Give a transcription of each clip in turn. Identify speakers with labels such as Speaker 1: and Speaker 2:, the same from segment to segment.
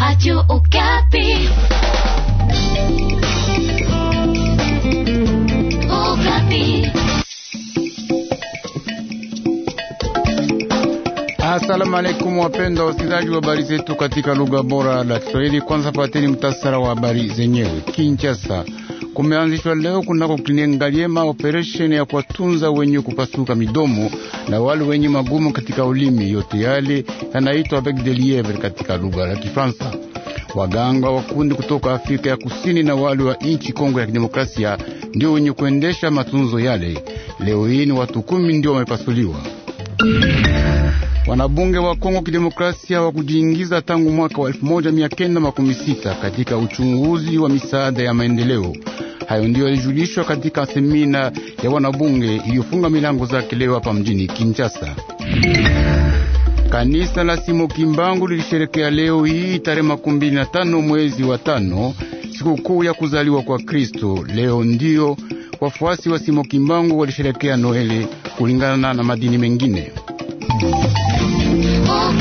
Speaker 1: Radio Okapi. Okapi. Asalamu alaykum, wapenda wasikilizaji wa habari zetu katika lugha bora la Kiswahili. Kwanza pateni mtasara wa habari zenyewe. Kinshasa kumeanzishwa leo kunako kliniki Ngaliema operesheni ya kuwatunza wenye kupasuka midomo na wale wenye magumu katika ulimi. Yote yale yanaitwa bec de lievre katika lugha la Kifaransa. Waganga wa kundi kutoka Afrika ya Kusini na wale wa nchi Kongo ya Kidemokrasia ndio wenye kuendesha matunzo yale. Leo hii ni watu kumi ndio wamepasuliwa. Wanabunge wa Kongo Kidemokrasia wa kujiingiza tangu mwaka wa 1960 katika uchunguzi wa misaada ya maendeleo. Hayo ndiyo yalijulishwa katika semina ya wanabunge iliyofunga milango zake leo hapa mjini Kinshasa. Kanisa la Simo Kimbangu lilisherekea leo hii tarehe makumi mbili na tano mwezi wa tano sikukuu ya kuzaliwa kwa Kristo. Leo ndiyo wafuasi wa Simo Kimbangu walisherekea Noeli kulingana na madini mengine. Oh,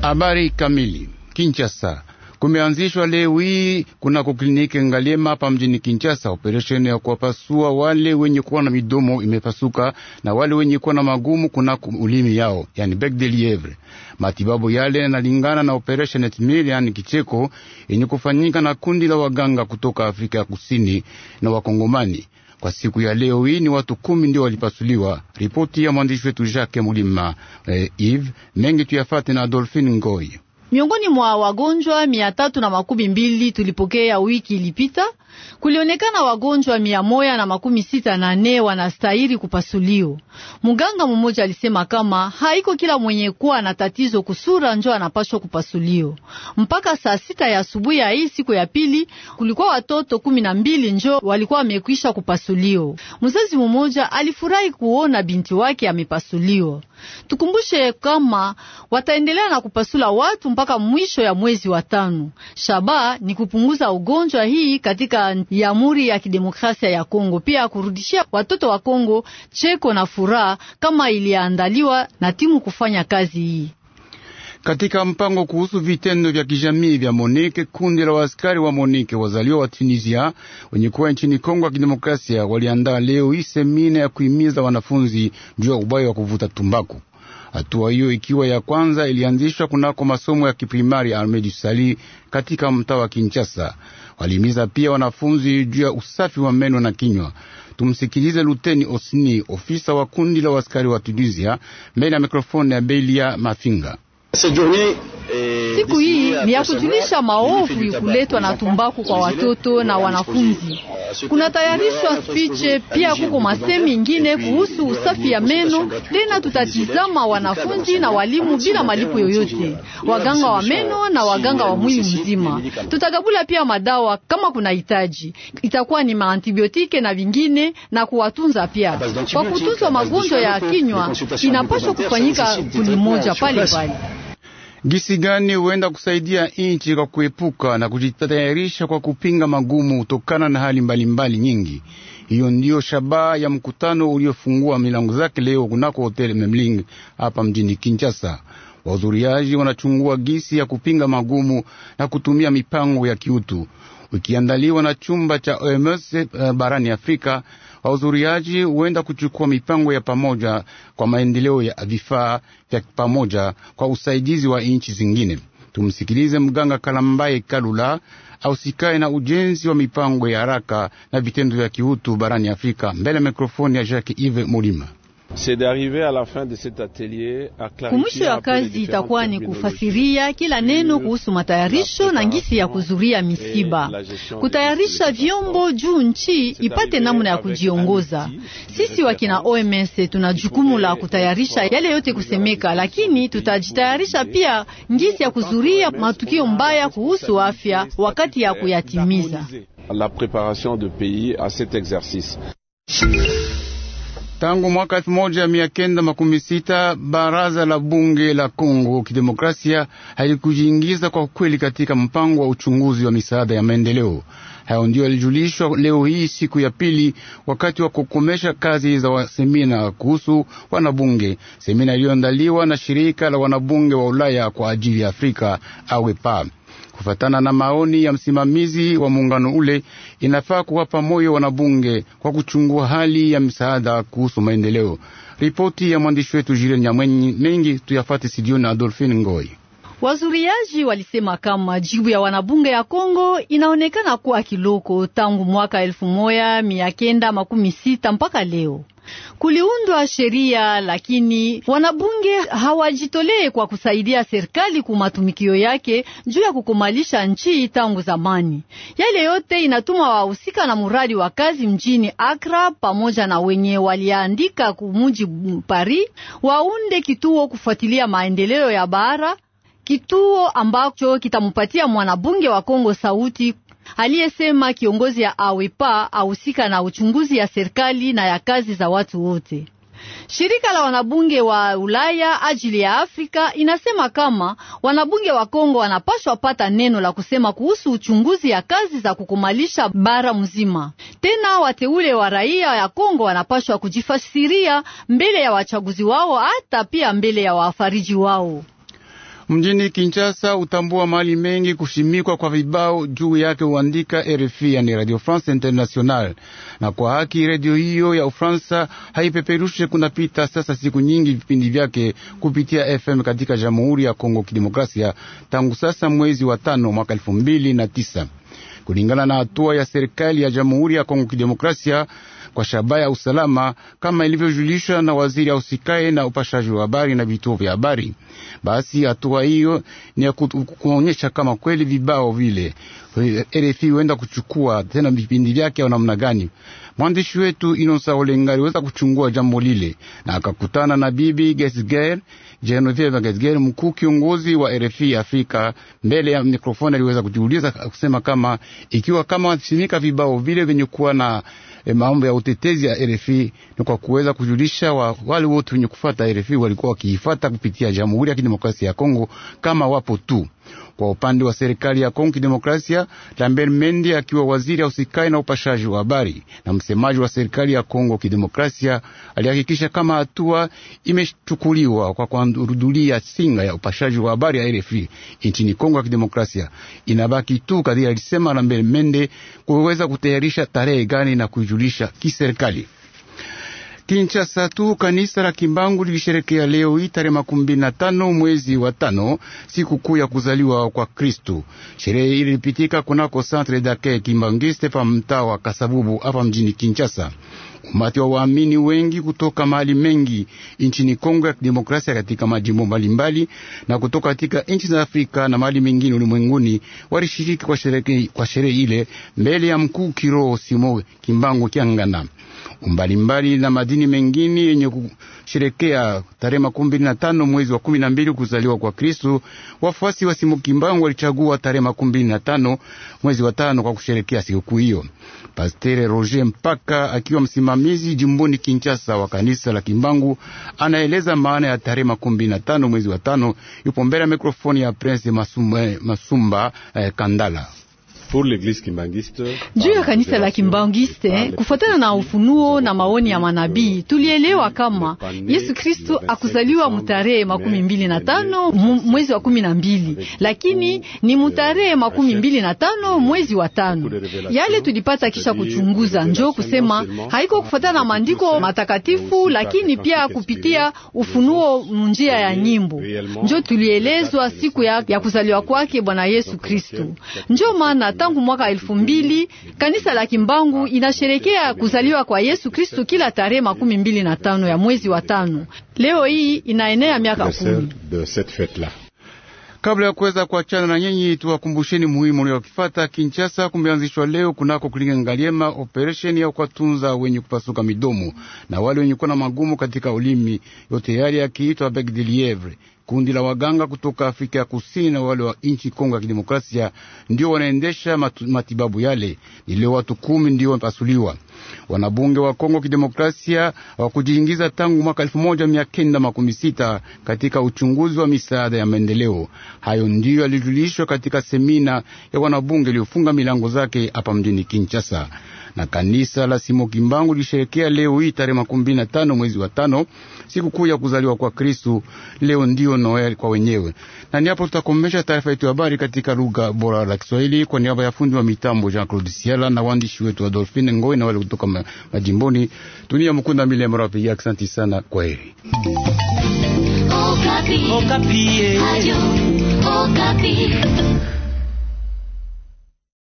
Speaker 1: Habari kamili Kinshasa kumeanzishwa leo hii kunako kliniki Ngaliema pa mjini Kinshasa operesheni ya kuwapasua wale wenye kuwa na midomo imepasuka na wale wenye kuwa na magumu kunako ulimi yao, yani bec de lievre. Matibabu yale yanalingana na operesheni ya yani kicheko, yenye kufanyika na kundi la waganga kutoka Afrika ya Kusini na Wakongomani. Kwa siku ya leo hii ni watu kumi ndio walipasuliwa. Ripoti ya mwandishi wetu Jacques Mulima eh, Yves mengi tuyafate na Adolphine Ngoi.
Speaker 2: Miongoni mwa wagonjwa mia tatu na makumi mbili tulipokea wiki ilipita Kulionekana wagonjwa mia moya na makumi sita na nne wanastahili kupasuliwa. Muganga mmoja alisema kama haiko kila mwenye kuwa na tatizo kusura njo anapashwa kupasulio Mpaka saa sita ya asubuhi ya hii siku ya pili kulikuwa watoto kumi na mbili njo walikuwa wamekwisha kupasuliwa. Mzazi mmoja alifurahi kuona binti wake amepasulio Tukumbushe kama wataendelea na kupasula watu mpaka mwisho ya mwezi wa tano. ni kupunguza ugonjwa hii katika Jamhuri ya Kidemokrasia ya Kongo, pia kurudishia watoto wa Kongo cheko na furaha kama iliandaliwa na timu kufanya kazi hii.
Speaker 1: Katika mpango kuhusu vitendo vya kijamii vya Monike, kundi la waaskari wa Monike wazaliwa wa Tunisia wenye kuwa nchini Kongo ya Kidemokrasia waliandaa leo hii semina ya kuhimiza wanafunzi juu ya ubaya wa kuvuta tumbaku. Hatua hiyo ikiwa ya kwanza ilianzishwa kunako masomo ya kiprimari Ahmed Sali katika mtaa wa Kinshasa. Walihimiza pia wanafunzi juu ya usafi wa meno na kinywa. Tumsikilize Luteni Osni, ofisa wa kundi la waskari wa Tunisia, mbele ya mikrofoni ya Belia Mafinga.
Speaker 2: Eh, siku hii euh, ni ya kujulisha maofu kuletwa na tumbaku kwa watoto na wanafunzi. Ah, Kunatayarishwa spiche eh, pia, kuko masemi ingine kuhusu usafi ya meno. Tena tutatizama wanafunzi na walimu bila malipo yoyote, waganga wa meno na waganga wa mwili mzima. Tutagabula pia madawa kama kuna hitaji, itakuwa ni maantibiotike na vingine, na kuwatunza pia. Ah, kwa kutuzwa magonjwa ya kinywa inapaswa kufanyika kulimoja pale pale.
Speaker 1: Gisi gani huenda kusaidia nchi kwa kuepuka na kujitayarisha kwa kupinga magumu kutokana na hali mbalimbali mbali nyingi. Hiyo ndiyo shabaha ya mkutano uliofungua milango zake leo kunako hotel Memling hapa mjini Kinshasa. Wahudhuriaji wanachungua gisi ya kupinga magumu na kutumia mipango ya kiutu ikiandaliwa na chumba cha OMS eh, barani Afrika wahudhuriaji huenda kuchukua mipango ya pamoja kwa maendeleo ya vifaa vya pamoja kwa usaidizi wa nchi zingine. Tumsikilize mganga Kalambaye Kalula ausikae na ujenzi wa mipango ya haraka na vitendo vya kiutu barani Afrika mbele ya mikrofoni ya Jacques Ive Mulima. Kumwisho ya kazi itakuwa
Speaker 2: ni kufasiria kila neno kuhusu matayarisho na ngisi ya kuzuria misiba, kutayarisha vyombo juu nchi ipate namna ya kujiongoza. Sisi wakina OMS tuna jukumu la kutayarisha yale yote kusemeka, lakini tutajitayarisha pia ngisi ya kuzuria matukio mbaya kuhusu afya wakati ya kuyatimiza.
Speaker 1: La de pays cet exercice Tangu mwaka elfu sita baraza la bunge la Kongo kidemokrasia halikujiingiza kwa kweli katika mpango wa uchunguzi wa misaada ya maendeleo. Hayo ndio yalijulishwa leo hii siku ya pili, wakati wa kukomesha kazi za semina kuhusu wanabunge, semina iliyoandaliwa na shirika la wanabunge wa Ulaya kwa ajili ya Afrika awepa Kufatana na maoni ya msimamizi wa muungano ule, inafaa kuwapa moyo wanabunge kwa kuchungua hali ya msaada kuhusu maendeleo. Ripoti ya mwandishi wetu Jile Nyamwenyi, mengi tuyafate sidioni na Adolphine Ngoi.
Speaker 2: Wazuriaji walisema kama jibu ya wanabunge ya Kongo inaonekana kuwa kiloko tangu mwaka elfu moya mia kenda makumi sita mpaka leo kuliundwa sheria lakini wanabunge hawajitolee kwa kusaidia serikali kwa matumikio yake juu ya kukomalisha nchi tangu zamani. Yale yote inatuma wahusika na muradi wa kazi mjini Akra pamoja na wenye waliandika kumuji Paris waunde kituo kufuatilia maendeleo ya bara kituo ambacho kitampatia mwanabunge wa Kongo sauti aliyesema kiongozi ya awepa ahusika na uchunguzi ya serikali na ya kazi za watu wote. Shirika la wanabunge wa Ulaya ajili ya Afrika inasema kama wanabunge wa Kongo wanapashwa pata neno la kusema kuhusu uchunguzi ya kazi za kukumalisha bara mzima. Tena wateule wa raia ya Kongo wanapashwa kujifasiria mbele ya wachaguzi wao, hata pia mbele ya wafariji wao
Speaker 1: mjini Kinshasa utambua mali mengi kushimikwa kwa vibao juu yake huandika RFI, yani Radio France International. Na kwa haki redio hiyo ya Ufaransa haipeperushe kunapita sasa siku nyingi vipindi vyake kupitia FM katika Jamhuri ya Kongo Kidemokrasia tangu sasa mwezi wa tano mwaka elfu mbili na tisa kulingana na hatua ya serikali ya Jamhuri ya Kongo Kidemokrasia kwa shabaha ya usalama, kama ilivyojulishwa na waziri ya usikae na upashaji wa habari na vituo vya habari. Basi hatua hiyo ni ya kuonyesha kama kweli vibao vile eh, RFI huenda kuchukua tena vipindi vyake au namna gani. Mwandishi wetu Inosa Olengari weza kuchungua jambo lile na akakutana na bibi Gesger Genevieve Gesger, mkuu kiongozi wa RFI Afrika. Mbele ya mikrofoni aliweza kujiuliza kusema kama ikiwa kama simika vibao vile vyenye kuwa na e, mambo ya utetezi ya RFI ni kwa kuweza kujulisha wa, wale wote wenye kufuata RFI walikuwa wakiifuata kupitia Jamhuri ya Kidemokrasia ya Kongo kama wapo tu kwa upande wa serikali ya Kongo Kidemokrasia, Lambert Mende akiwa waziri ausikai na upashaji wa habari na msemaji wa serikali ya Kongo Kidemokrasia alihakikisha kama hatua imechukuliwa kwa kuhudhuria singa ya upashaji wa habari ya RFI nchini Kongo ya Kidemokrasia. Inabaki tu kadhia, alisema Lambert Mende, kuweza kutayarisha tarehe gani na kuijulisha kiserikali. Kinshasa tu kanisa la Kimbangu lilisherekea leo itare tarehe makumi na tano mwezi wa tano kuu ya kuzaliwa kwa Kristu. Sherehe ilipitika kunako Centre d'Accueil Kimbangiste pa mtaa wa Kasabubu hapa mjini Kinshasa. Umati wa waamini wengi kutoka mahali mengi nchini Kongo ya Kidemokrasia, katika majimbo mbalimbali na kutoka katika nchi za Afrika na mahali mengine ulimwenguni walishiriki kwa sherehe ile mbele ya mkuu kiroho Simo Kimbangu Kyangana mbalimbali na madini mengine yenye kusherekea tarehe makumi mbili na tano mwezi wa kumi na mbili kuzaliwa kwa Kristu. Wafuasi wa kimbangu walichagua tarehe makumi mbili na tano mwezi wa tano kwa kusherekea sikukuu hiyo. Pastere Roger Mpaka akiwa msimamizi jimboni Kinshasa wa kanisa la Kimbangu anaeleza maana ya tarehe makumi mbili na tano mwezi wa tano. Yupo mbele ya mikrofoni ya Prince Masumba, Masumba eh, Kandala
Speaker 2: juu ya kanisa la Kimbangiste. Kufuatana na ufunuo na maoni ya manabii, tulielewa kama Yesu Kristo akuzaliwa mutarehe makumi mbili na tano mwezi wa kumi na mbili, lakini euh, ni mutarehe makumi mbili na tano mwezi wa tano. Yale tulipata kisha kuchunguza, njo kusema haiko kufuatana na maandiko matakatifu, lakini pia kupitia ufunuo munjia ya nyimbo, njo tulielezwa siku ya, ya kuzaliwa kwake Bwana Yesu Kristo, njo maana tangu mwaka elfu mbili kanisa la Kimbangu inasherekea kuzaliwa kwa Yesu Kristo kila tarehe makumi mbili na tano ya mwezi wa tano. Leo hii inaenea miaka kumi.
Speaker 1: Kabla ya kuweza kuachana na nyinyi, tuwakumbusheni muhimu uliokifata. Kinshasa kumeanzishwa leo kunako kulinga ngaliema operesheni ya kuwatunza wenye kupasuka midomo na wale wenye kuwa na magumu katika ulimi, yote yale yakiitwa bec de lievre Kundi la waganga kutoka Afrika ya Kusini na wale wa nchi Kongo ya Kidemokrasia ndio wanaendesha matu, matibabu yale. Ni leo watu kumi ndio wamepasuliwa. Wanabunge wa Kongo Kidemokrasia hawakujiingiza tangu mwaka elfu moja mia kenda makumi sita katika uchunguzi wa misaada ya maendeleo. Hayo ndiyo yalijulishwa katika semina ya wanabunge iliyofunga milango zake hapa mjini Kinshasa na kanisa la Simo Kimbangu lisherekea leo hii tarehe makumi mbili na tano mwezi wa tano sikukuu ya kuzaliwa kwa Kristu. Leo ndio Noel kwa wenyewe, na ni hapo tutakomesha taarifa yetu ya habari katika lugha bora la Kiswahili. Kwa niaba ya fundi wa mitambo Jean Claude Siala na waandishi wetu Adolfine Ngoe na wale kutoka majimboni Tunia Mkunda Milemorapi, asante sana, kwa heri. Okapi. Okapi. Eh.